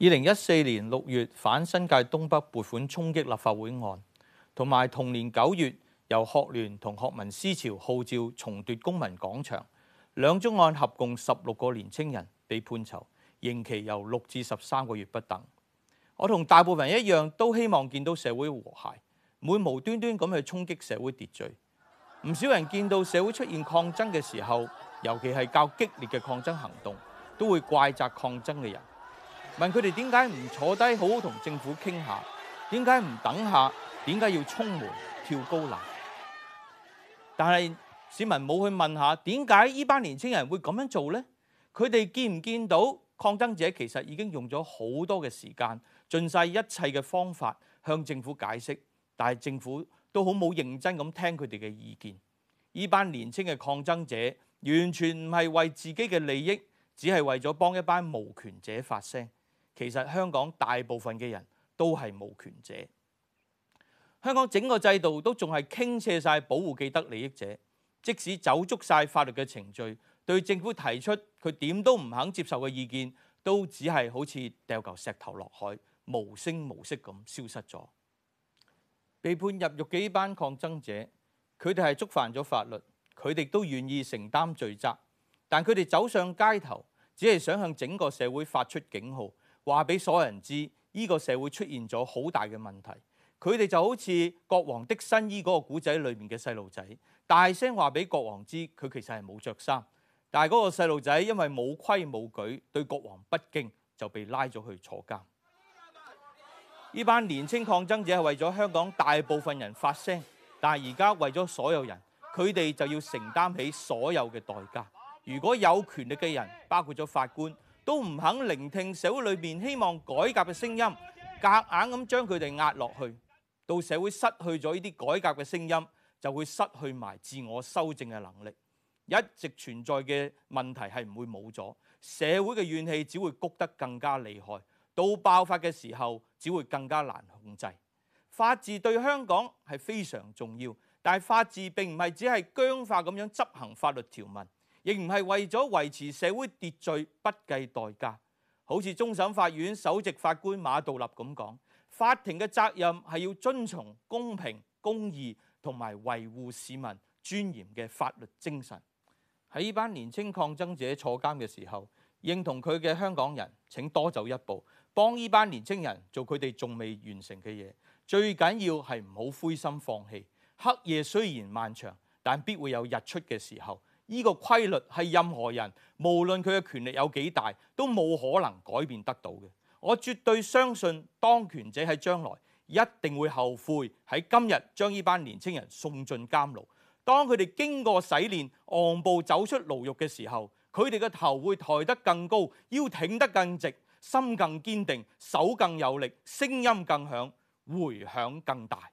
二零一四年六月反新界東北撥款衝擊立法會案，同埋同年九月由學聯同學民思潮號召重奪公民廣場，兩宗案合共十六個年青人被判囚，刑期由六至十三個月不等。我同大部分人一樣，都希望見到社會和諧，唔會無端端咁去衝擊社會秩序。唔少人見到社會出現抗爭嘅時候，尤其係較激烈嘅抗爭行動，都會怪責抗爭嘅人。問佢哋點解唔坐低好好同政府傾下？點解唔等下？點解要衝門跳高欄？但係市民冇去問下點解呢班年輕人會咁樣做呢？佢哋見唔見到抗爭者其實已經用咗好多嘅時間，盡曬一切嘅方法向政府解釋，但係政府都好冇認真咁聽佢哋嘅意見。呢班年輕嘅抗爭者完全唔係為自己嘅利益，只係為咗幫一班無權者發聲。其實香港大部分嘅人都係無權者，香港整個制度都仲係傾斜晒保護既得利益者。即使走足晒法律嘅程序，對政府提出佢點都唔肯接受嘅意見，都只係好似掉嚿石頭落海，無聲無息咁消失咗。被判入獄幾班抗爭者，佢哋係觸犯咗法律，佢哋都願意承擔罪責，但佢哋走上街頭，只係想向整個社會發出警號。話俾所有人知，呢個社會出現咗好大嘅問題。佢哋就好似國王的新衣嗰個古仔裏面嘅細路仔，大聲話俾國王知佢其實係冇著衫。但係嗰個細路仔因為冇規冇矩，對國王不敬，就被拉咗去坐監。依班年輕抗爭者係為咗香港大部分人發聲，但係而家為咗所有人，佢哋就要承擔起所有嘅代價。如果有權力嘅人，包括咗法官，都唔肯聆聽社會裏面希望改革嘅聲音，夾硬咁將佢哋壓落去，到社會失去咗呢啲改革嘅聲音，就會失去埋自我修正嘅能力。一直存在嘅問題係唔會冇咗，社會嘅怨氣只會谷得更加厲害，到爆發嘅時候只會更加難控制。法治對香港係非常重要，但係法治並唔係只係僵化咁樣執行法律條文。亦唔係為咗維持社會秩序不計代價，好似終審法院首席法官馬道立咁講，法庭嘅責任係要遵從公平、公義同埋維護市民尊嚴嘅法律精神。喺呢班年輕抗爭者坐監嘅時候，認同佢嘅香港人，請多走一步，幫呢班年輕人做佢哋仲未完成嘅嘢，最緊要係唔好灰心放棄。黑夜雖然漫長，但必會有日出嘅時候。呢個規律係任何人，無論佢嘅權力有幾大，都冇可能改變得到嘅。我絕對相信當權者喺將來一定會後悔喺今日將呢班年青人送進監牢。當佢哋經過洗練，昂步走出牢獄嘅時候，佢哋嘅頭會抬得更高，腰挺得更直，心更堅定，手更有力，聲音更響，回響更大。